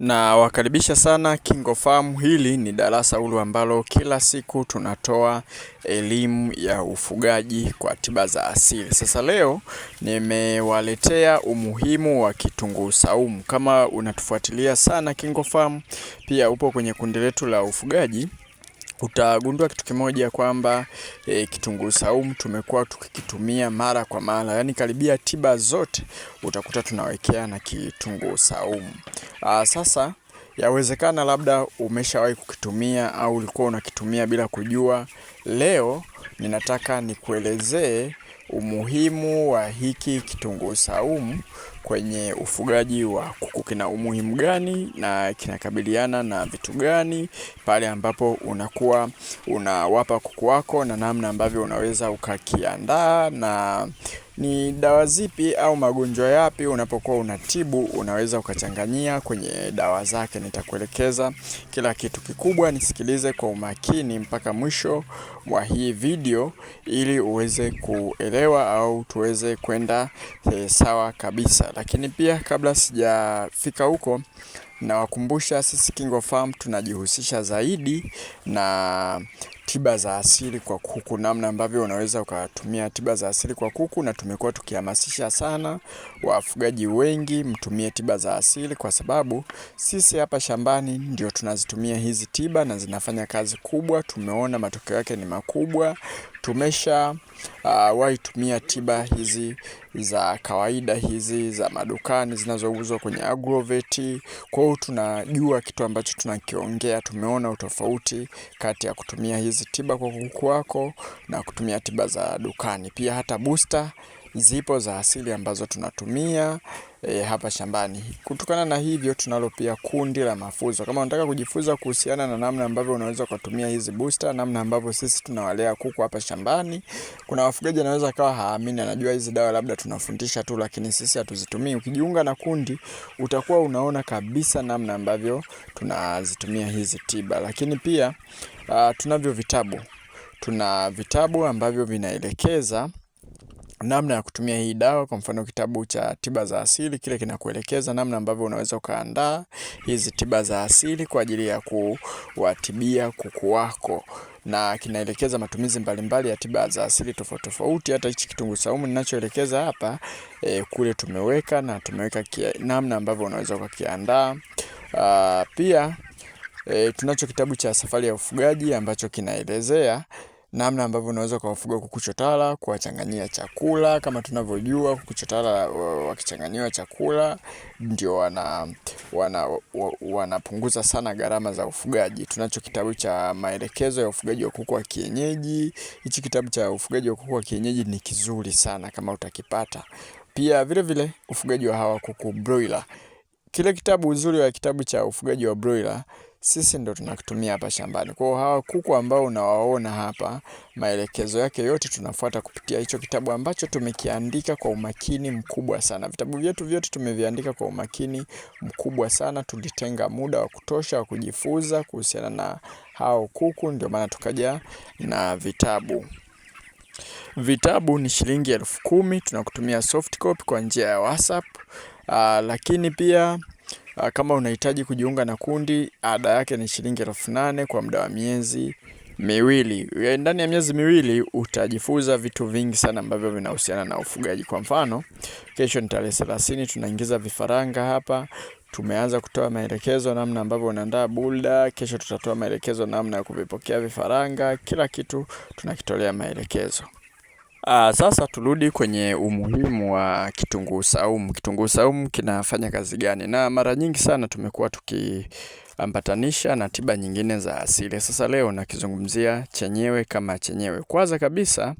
Na wakaribisha sana KingoFarm. Hili ni darasa hulu ambalo kila siku tunatoa elimu ya ufugaji kwa tiba za asili. Sasa leo nimewaletea umuhimu wa kitunguu saumu. Kama unatufuatilia sana KingoFarm, pia upo kwenye kundi letu la ufugaji utagundua kitu kimoja kwamba e, kitunguu saumu tumekuwa tukikitumia mara kwa mara, yaani karibia tiba zote utakuta tunawekea na kitunguu saumu. Aa, sasa yawezekana labda umeshawahi kukitumia au ulikuwa unakitumia bila kujua. Leo ninataka nikuelezee umuhimu wa hiki kitunguu saumu kwenye ufugaji wa kuku kina umuhimu gani na kinakabiliana na vitu gani pale ambapo unakuwa unawapa kuku wako, na namna ambavyo unaweza ukakiandaa, na ni dawa zipi au magonjwa yapi unapokuwa unatibu unaweza ukachanganyia kwenye dawa zake. Nitakuelekeza kila kitu kikubwa, nisikilize kwa umakini mpaka mwisho wa hii video ili uweze kuelewa au tuweze kwenda eh, sawa kabisa. Lakini pia kabla sijafika huko, nawakumbusha sisi Farm tunajihusisha zaidi na tiba za asili kwa kuku, namna ambavyo unaweza ukatumia tiba za asili kwa kuku, na tumekuwa tukihamasisha sana wafugaji wengi mtumie tiba za asili, kwa sababu sisi hapa shambani ndio tunazitumia hizi tiba na zinafanya kazi kubwa. Tumeona matokeo yake ni makubwa. Tumesha uh, wahi tumia tiba hizi za kawaida hizi za madukani zinazouzwa kwenye agroveti. Kwa hiyo tunajua kitu ambacho tunakiongea, tumeona utofauti kati ya kutumia hizi tiba kwa kuku wako na kutumia tiba za dukani. Pia hata booster zipo za asili ambazo tunatumia e, hapa shambani. Kutokana na hivyo, tunalo pia kundi la mafunzo. Kama unataka kujifunza kuhusiana na namna ambavyo unaweza kutumia hizi booster, namna ambavyo sisi tunawalea kuku hapa shambani, kuna wafugaji anaweza kawa haamini, anajua hizi dawa labda tunafundisha tu, lakini sisi hatuzitumii. Ukijiunga na kundi, utakuwa unaona kabisa namna ambavyo tunazitumia hizi tiba, lakini pia uh, tunavyo vitabu, tuna vitabu ambavyo vinaelekeza namna ya kutumia hii dawa. Kwa mfano kitabu cha tiba za asili kile kinakuelekeza namna ambavyo unaweza ukaandaa hizi tiba za asili kwa ajili ya kuwatibia kuku wako, na kinaelekeza matumizi mbalimbali ya tiba za asili tofauti tofauti. Hata hichi kitunguu saumu ninachoelekeza hapa e, kule tumeweka na tumeweka kia, namna ambavyo unaweza ukakiandaa pia. E, tunacho kitabu cha safari ya ufugaji ambacho kinaelezea namna ambavyo unaweza kuwafuga kuku chotara, kuwachanganyia chakula. Kama tunavyojua kuku chotara wakichanganyiwa chakula ndio wana wanapunguza sana gharama za ufugaji. Tunacho kitabu cha maelekezo ya ufugaji wa kuku wa kienyeji. Hichi kitabu cha ufugaji wa kuku wa kienyeji ni kizuri sana kama utakipata. Pia vile vile ufugaji wa hawa kuku broiler. Kile kitabu uzuri wa kitabu cha ufugaji wa broiler sisi ndo tunakutumia hapa shambani. Kwa hawa kuku ambao unawaona hapa, maelekezo yake yote tunafuata kupitia hicho kitabu ambacho tumekiandika kwa umakini mkubwa sana. Vitabu vyetu vyote tumeviandika kwa umakini mkubwa sana, tulitenga muda wa kutosha wa kujifunza kuhusiana na hao kuku, ndio maana tukaja na vitabu. Vitabu ni shilingi elfu kumi. Tunakutumia soft copy kwa njia ya WhatsApp. Aa, ah, lakini pia Ah, kama unahitaji kujiunga na kundi, ada yake ni shilingi elfu nane kwa muda wa miezi miwili. Eh, ndani ya miezi miwili utajifunza vitu vingi sana ambavyo vinahusiana na ufugaji. Kwa mfano, kesho ni tarehe 30 tunaingiza vifaranga hapa. Tumeanza kutoa maelekezo namna ambavyo unaandaa bulda. Kesho tutatoa maelekezo namna ya kuvipokea vifaranga. Kila kitu tunakitolea maelekezo. Uh, sasa turudi kwenye umuhimu wa kitunguu saumu. Kitunguu saumu kinafanya kazi gani? Na mara nyingi sana tumekuwa tukiambatanisha na tiba nyingine za asili. Sasa leo nakizungumzia chenyewe kama chenyewe. Kwanza kabisa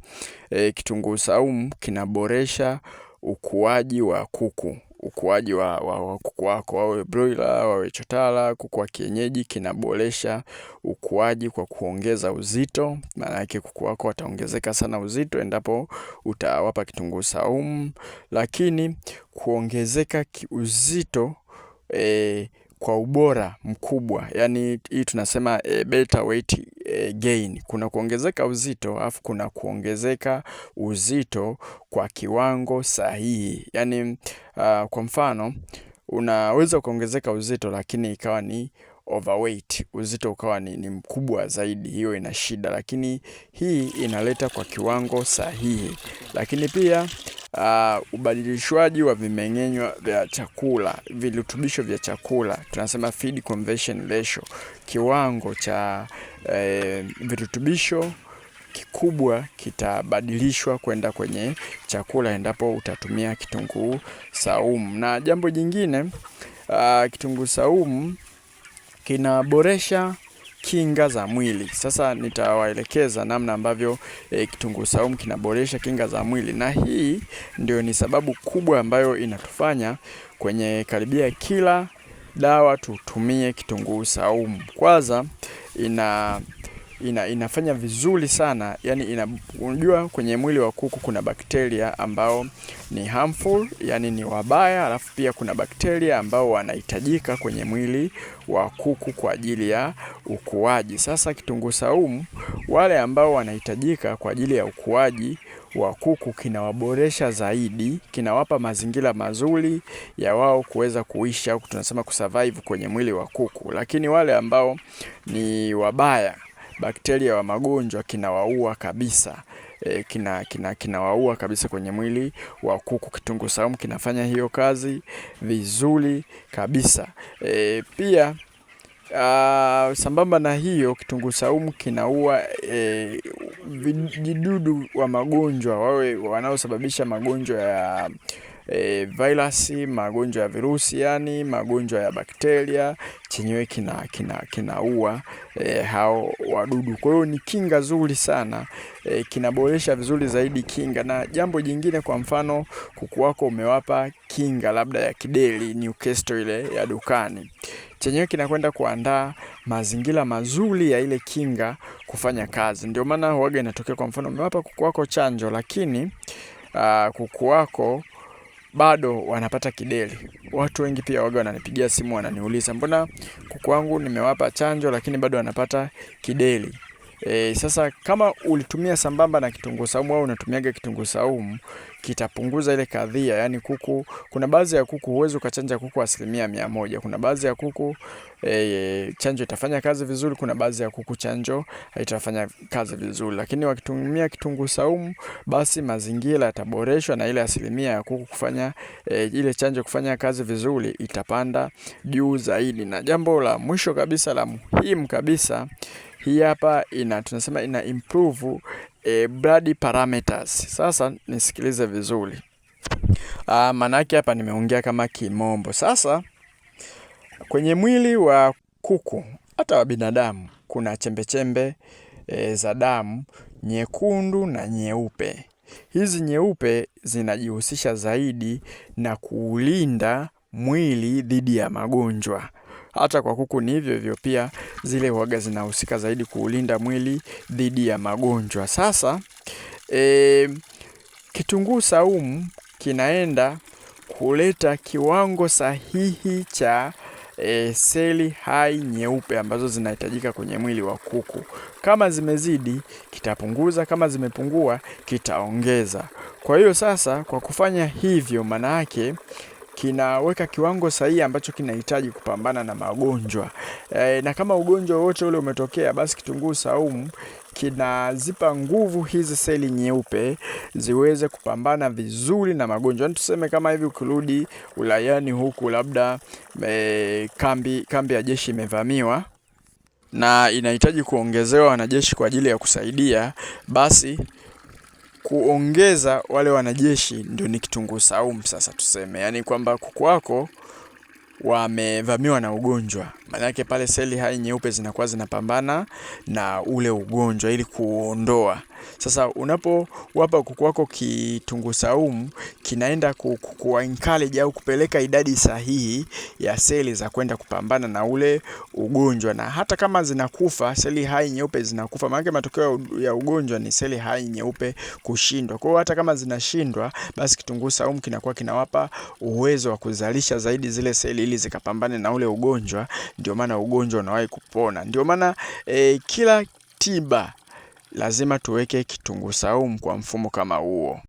eh, kitunguu saumu kinaboresha ukuaji wa kuku ukuaji wa, wa, wa kuku wako, wawe broiler, wawe chotara, kuku wa kienyeji. Kinaboresha ukuaji kwa kuongeza uzito, maana yake kuku wako wataongezeka sana uzito endapo utawapa kitunguu saumu, lakini kuongezeka uzito e, kwa ubora mkubwa, yaani hii tunasema e, beta weight gain, kuna kuongezeka uzito afu kuna kuongezeka uzito kwa kiwango sahihi. Yani uh, kwa mfano unaweza kuongezeka uzito lakini ikawa ni overweight, uzito ukawa ni, ni mkubwa zaidi, hiyo ina shida, lakini hii inaleta kwa kiwango sahihi. Lakini pia uh, ubadilishwaji wa vimeng'enywa vya chakula, virutubisho vya chakula, tunasema feed conversion ratio, kiwango cha eh, virutubisho kikubwa kitabadilishwa kwenda kwenye chakula endapo utatumia kitunguu saumu. Na jambo jingine uh, kitunguu saumu kinaboresha kinga za mwili. Sasa nitawaelekeza namna ambavyo e, kitunguu saumu kinaboresha kinga za mwili, na hii ndio ni sababu kubwa ambayo inatufanya kwenye karibia kila dawa tutumie kitunguu saumu. Kwanza ina ina, inafanya vizuri sana yani ina, unajua kwenye mwili wa kuku kuna bakteria ambao ni harmful, yani ni wabaya, alafu pia kuna bakteria ambao wanahitajika kwenye mwili wa kuku kwa ajili ya ukuaji. Sasa kitunguu saumu, wale ambao wanahitajika kwa ajili ya ukuaji wa kuku kinawaboresha zaidi, kinawapa mazingira mazuri ya wao kuweza kuisha au tunasema kusurvive kwenye mwili wa kuku, lakini wale ambao ni wabaya bakteria wa magonjwa kinawaua kabisa e, kina, kina, kinawaua kabisa kwenye mwili wa kuku. Kitunguu saumu kinafanya hiyo kazi vizuri kabisa e, pia Uh, sambamba na hiyo kitunguu saumu kinaua eh, vijidudu wa magonjwa wawe wanaosababisha magonjwa ya e, eh, virasi, magonjwa ya virusi, yani magonjwa ya bakteria, chenyewe kina kina, kinaua e, eh, hao wadudu. Kwa hiyo ni kinga nzuri sana e, kinaboresha vizuri zaidi kinga. Na jambo jingine, kwa mfano kuku wako umewapa kinga labda ya kideli Newcastle ile ya dukani chenyewe kinakwenda kuandaa mazingira mazuri ya ile kinga kufanya kazi. Ndio maana huaga inatokea, kwa mfano umewapa kuku wako chanjo, lakini uh, kuku wako bado wanapata kideli. Watu wengi pia waga wananipigia simu wananiuliza, mbona kuku wangu nimewapa chanjo lakini bado wanapata kideli. E, sasa kama ulitumia sambamba na kitunguu saumu au unatumiaga kitunguu saumu kitapunguza ile kadhia, yani kuku. Kuna baadhi ya kuku huwezi ukachanja kuku asilimia mia moja. Kuna baadhi ya kuku e, chanjo itafanya kazi vizuri, kuna baadhi ya kuku chanjo haitafanya kazi vizuri, lakini wakitumia kitunguu saumu, basi mazingira yataboreshwa na ile asilimia ya kuku kufanya e, ile chanjo kufanya kazi vizuri itapanda juu zaidi. Na jambo la mwisho kabisa la muhimu kabisa hii hapa ina tunasema ina improve e, blood parameters. Sasa nisikilize vizuri, ah, manake hapa nimeongea kama kimombo. Sasa kwenye mwili wa kuku hata wa binadamu kuna chembechembe e, eh, za damu nyekundu na nyeupe. Hizi nyeupe zinajihusisha zaidi na kuulinda mwili dhidi ya magonjwa hata kwa kuku ni hivyo hivyo pia, zile huaga zinahusika zaidi kuulinda mwili dhidi ya magonjwa. Sasa e, kitunguu saumu kinaenda kuleta kiwango sahihi cha e, seli hai nyeupe ambazo zinahitajika kwenye mwili wa kuku. Kama zimezidi kitapunguza, kama zimepungua kitaongeza. Kwa hiyo sasa, kwa kufanya hivyo, maana yake kinaweka kiwango sahihi ambacho kinahitaji kupambana na magonjwa e, na kama ugonjwa wote ule umetokea, basi kitunguu saumu kinazipa nguvu hizi seli nyeupe ziweze kupambana vizuri na magonjwa. Yani tuseme kama hivi ukirudi Ulayani huku labda e, kambi, kambi ya jeshi imevamiwa na inahitaji kuongezewa wanajeshi kwa ajili ya kusaidia basi kuongeza wale wanajeshi ndio ni kitunguu saumu sasa tuseme, yaani kwamba kuku wako wamevamiwa na ugonjwa Maanake pale seli hai nyeupe zinakuwa zinapambana na ule ugonjwa ili kuondoa. Sasa unapowapa kuku wako kitunguu saumu, kinaenda kukua encourage au kupeleka idadi sahihi ya seli za kwenda kupambana na ule ugonjwa, na hata kama zinakufa seli hai nyeupe zinakufa, maanake matokeo ya ugonjwa ni seli hai nyeupe kushindwa. Kwa hiyo hata kama zinashindwa, basi kitunguu saumu kinakuwa kinawapa uwezo wa kuzalisha zaidi zile seli ili zikapambane na ule ugonjwa ndio maana ugonjwa unawahi kupona. Ndio maana e, kila tiba lazima tuweke kitunguu saumu kwa mfumo kama huo.